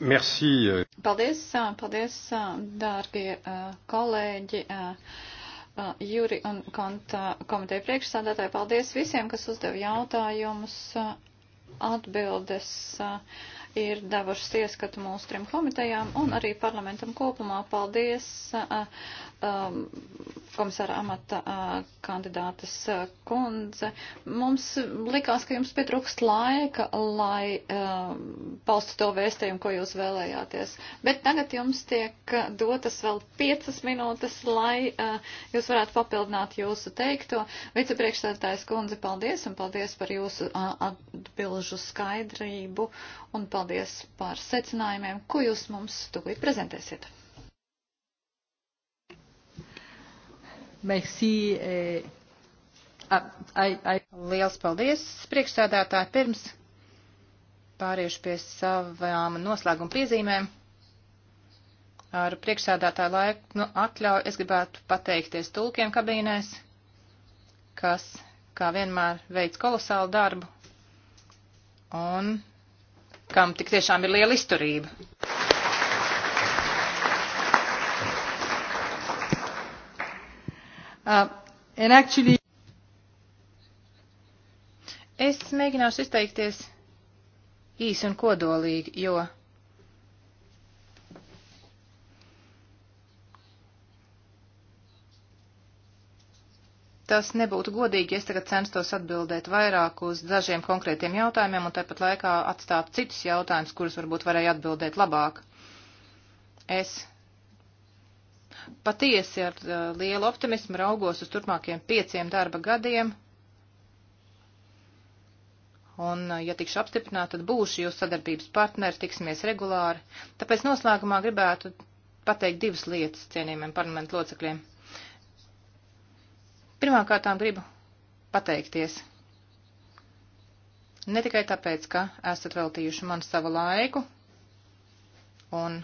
Merci. Euh. Paldies, paldies, dārgie kolēģi. Juri un komiteja priekšsādātāji, paldies visiem, kas uzdeva jautājumus. Atbildes ir devušas ieskatu mūsu trim komitejām un arī parlamentam kopumā. Paldies um, komisāra amata kandidātes kundze. Mums likās, ka jums pietrūkst laika, lai paustu to vēstījumu, ko jūs vēlējāties. Bet tagad jums tiek dotas vēl piecas minūtes, lai jūs varētu papildināt jūsu teikto. Vicepriekšstādātājs kundze, paldies un paldies par jūsu atbilžu skaidrību un paldies paldies par secinājumiem, ko jūs mums tūlīt prezentēsiet. Merci. Eh, ah, ai, ai. Liels paldies, priekšsēdētāji, pirms pāriešu pie savām noslēguma piezīmēm. Ar priekšsēdētāju laiku nu, atļauju es gribētu pateikties tulkiem kabīnēs, kas, kā vienmēr, veids kolosālu darbu. Un kam tik tiešām ir liela izturība. Uh, actually... Es mēģināšu izteikties īsi un kodolīgi, jo Tas nebūtu godīgi, ja es tagad censtos atbildēt vairāk uz dažiem konkrētiem jautājumiem un tāpat laikā atstāt citus jautājumus, kurus varbūt varēja atbildēt labāk. Es patiesi ar uh, lielu optimismu raugos uz turpmākiem pieciem darba gadiem. Un, uh, ja tikšu apstiprināta, tad būšu jūsu sadarbības partneri, tiksimies regulāri. Tāpēc noslēgumā gribētu pateikt divas lietas cienījumiem parlamentu locekļiem. Pirmkārtām gribu pateikties. Ne tikai tāpēc, ka esat veltījuši man savu laiku un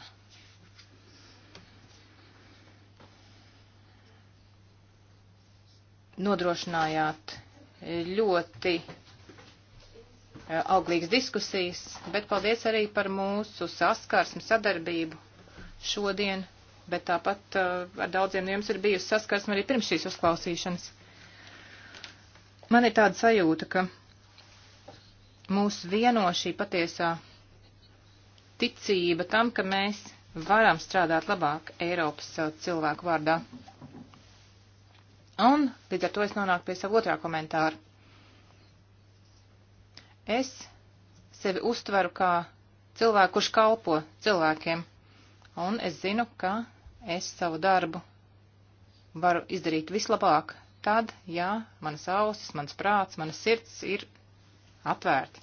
nodrošinājāt ļoti eh, auglīgas diskusijas, bet paldies arī par mūsu saskarsmu sadarbību šodien bet tāpat uh, ar daudziem no jums ir bijusi saskarsme arī pirms šīs uzklausīšanas. Man ir tāda sajūta, ka mūs vieno šī patiesā ticība tam, ka mēs varam strādāt labāk Eiropas uh, cilvēku vārdā. Un līdz ar to es nonāku pie savu otrā komentāru. Es sevi uztveru kā cilvēku, kurš kalpo cilvēkiem un es zinu, ka es savu darbu varu izdarīt vislabāk tad, ja manas ausis, mans prāts, manas sirds ir atvērti.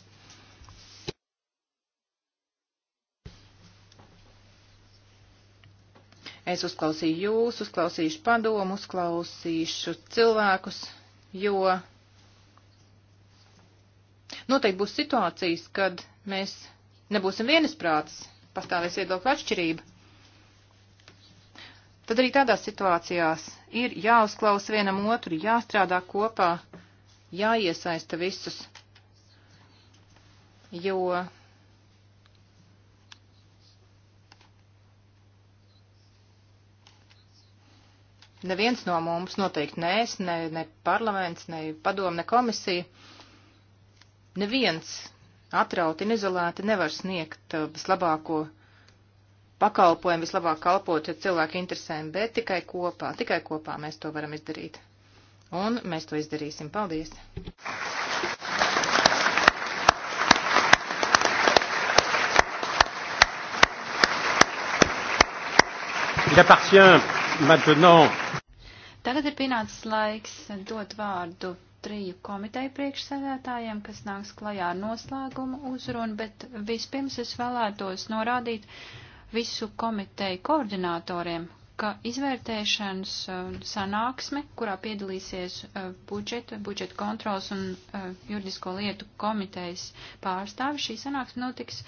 Es uzklausīju jūs, uzklausīšu padomu, uzklausīšu cilvēkus, jo noteikti būs situācijas, kad mēs nebūsim vienisprātis, pastāvēs viedokļu atšķirība tad arī tādās situācijās ir jāuzklausa vienam otru, jāstrādā kopā, jāiesaista visus, jo neviens no mums, noteikti ne es, ne, ne parlaments, ne padomu, ne komisija, neviens atrauti un izolēti nevar sniegt uh, vislabāko uh, pakalpojumi vislabāk kalpot cilvēku interesēm, bet tikai kopā, tikai kopā mēs to varam izdarīt. Un mēs to izdarīsim. Paldies! Il appartient maintenant. Tagad ir pienācis laiks dot vārdu triju komiteju priekšsēdētājiem, kas nāks klajā ar noslēgumu uzrunu, bet vispirms es vēlētos norādīt, visu komiteju koordinatoriem, ka izvērtēšanas uh, sanāksme, kurā piedalīsies uh, budžeta, budžeta kontrols un uh, juridisko lietu komitejas pārstāvi, šī sanāksme notiks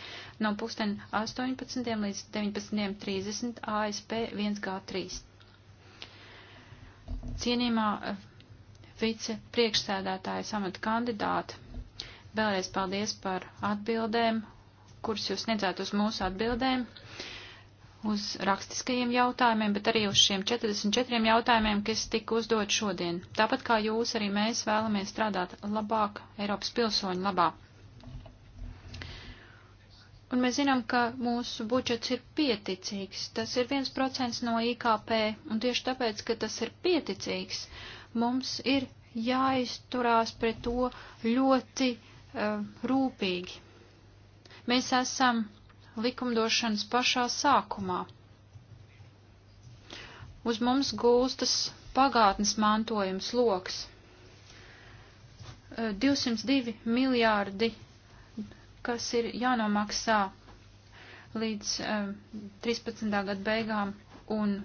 no pulksten 18 līdz 19.30 ASP 1G3. Cienījumā vice priekšsēdētāja samata kandidāta, vēlreiz paldies par atbildēm kurus jūs sniedzāt uz mūsu atbildēm, uz rakstiskajiem jautājumiem, bet arī uz šiem 44 jautājumiem, kas tika uzdot šodien. Tāpat kā jūs, arī mēs vēlamies strādāt labāk Eiropas pilsoņu labā. Un mēs zinām, ka mūsu budžets ir pieticīgs. Tas ir 1% no IKP, un tieši tāpēc, ka tas ir pieticīgs, mums ir jāizturās pret to ļoti uh, rūpīgi. Mēs esam likumdošanas pašā sākumā. Uz mums gūstas pagātnes mantojums loks. 202 eh, miljārdi, kas ir jānomaksā līdz 13. Eh, gada beigām, un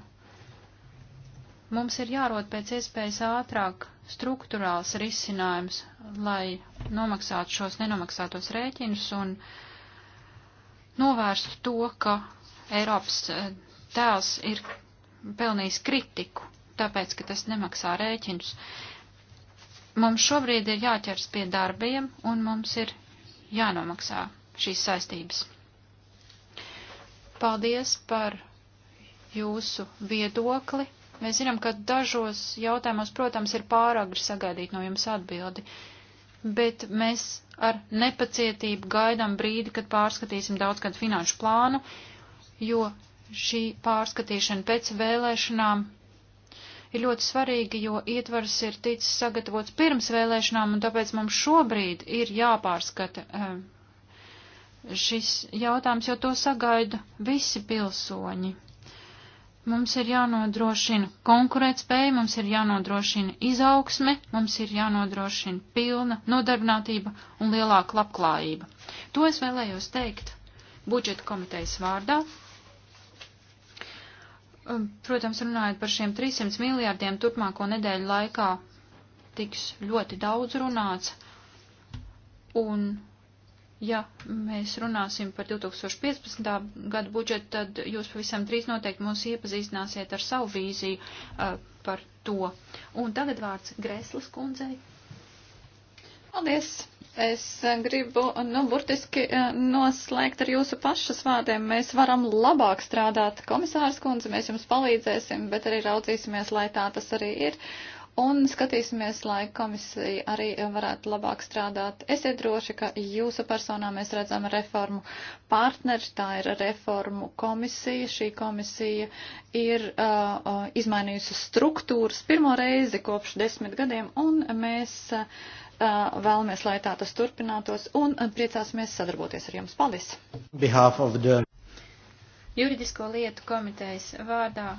mums ir jārod pēc iespējas ātrāk struktūrāls risinājums, lai nomaksātu šos nenomaksātos rēķinus un uh, novērstu to, ka Eiropas eh, tēls ir pelnījis kritiku, tāpēc, ka tas nemaksā rēķinus. Mums šobrīd ir jāķers pie darbiem un mums ir jānomaksā šīs saistības. Paldies par jūsu viedokli. Mēs zinām, ka dažos jautājumos, protams, ir pāragri sagaidīt no jums atbildi. Uh, bet mēs ar nepacietību gaidām brīdi, kad pārskatīsim daudzgadu finanšu plānu, jo šī pārskatīšana pēc vēlēšanām ir ļoti svarīga, jo ietvars ir ticis sagatavots pirms vēlēšanām, un tāpēc mums šobrīd ir jāpārskata eh, šis jautājums, jo to sagaida visi pilsoņi. Mums ir jānodrošina konkurētspēja, mums ir jānodrošina izaugsme, mums ir jānodrošina pilna nodarbinātība un lielāka labklājība. To es vēlējos teikt budžeta komitejas vārdā. Um, protams, runājot par šiem 300 miljārdiem turpmāko nedēļu laikā, tiks ļoti daudz runāts. Un Ja mēs runāsim par 2015. gadu budžetu, tad jūs pavisam drīz noteikti mūs iepazīstināsiet ar savu vīziju uh, par to. Un tagad vārds Grēslas kundzei. Paldies! Es uh, gribu, uh, nu, burtiski uh, noslēgt ar jūsu pašas vārdiem. Mēs varam labāk strādāt, komisārs kundze, mēs jums palīdzēsim, bet arī raudzīsimies, lai tā tas arī ir. Uh, Un skatīsimies, lai komisija arī varētu labāk strādāt. Esiet droši, ka jūsu personā mēs redzam reformu partneri, tā ir reformu komisija. Šī komisija ir uh, uh, izmainījusi struktūras pirmo reizi kopš desmit gadiem, un mēs uh, vēlamies, lai tā tas turpinātos, un priecāsimies sadarboties ar jums. Paldies! The... Juridisko lietu komitejas vārdā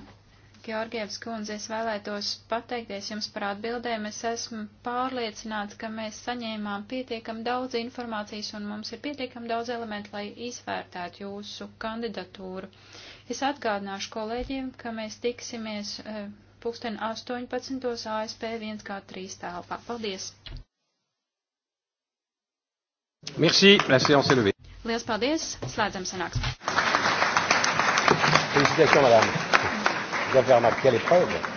Georgievs kundze, es vēlētos pateikties jums par atbildēm. Es esmu pārliecināts, ka mēs saņēmām pietiekam daudz informācijas un mums ir pietiekam daudz elementu, lai izvērtētu jūsu kandidatūru. Es atgādināšu kolēģiem, ka mēs tiksimies eh, pulksten 18. ASP 1K3 telpā. Paldies! Merci, la séance est levée. Liels paldies, slēdzam sanāksmi. Félicitations, madame vous avez remarqué à l'épreuve.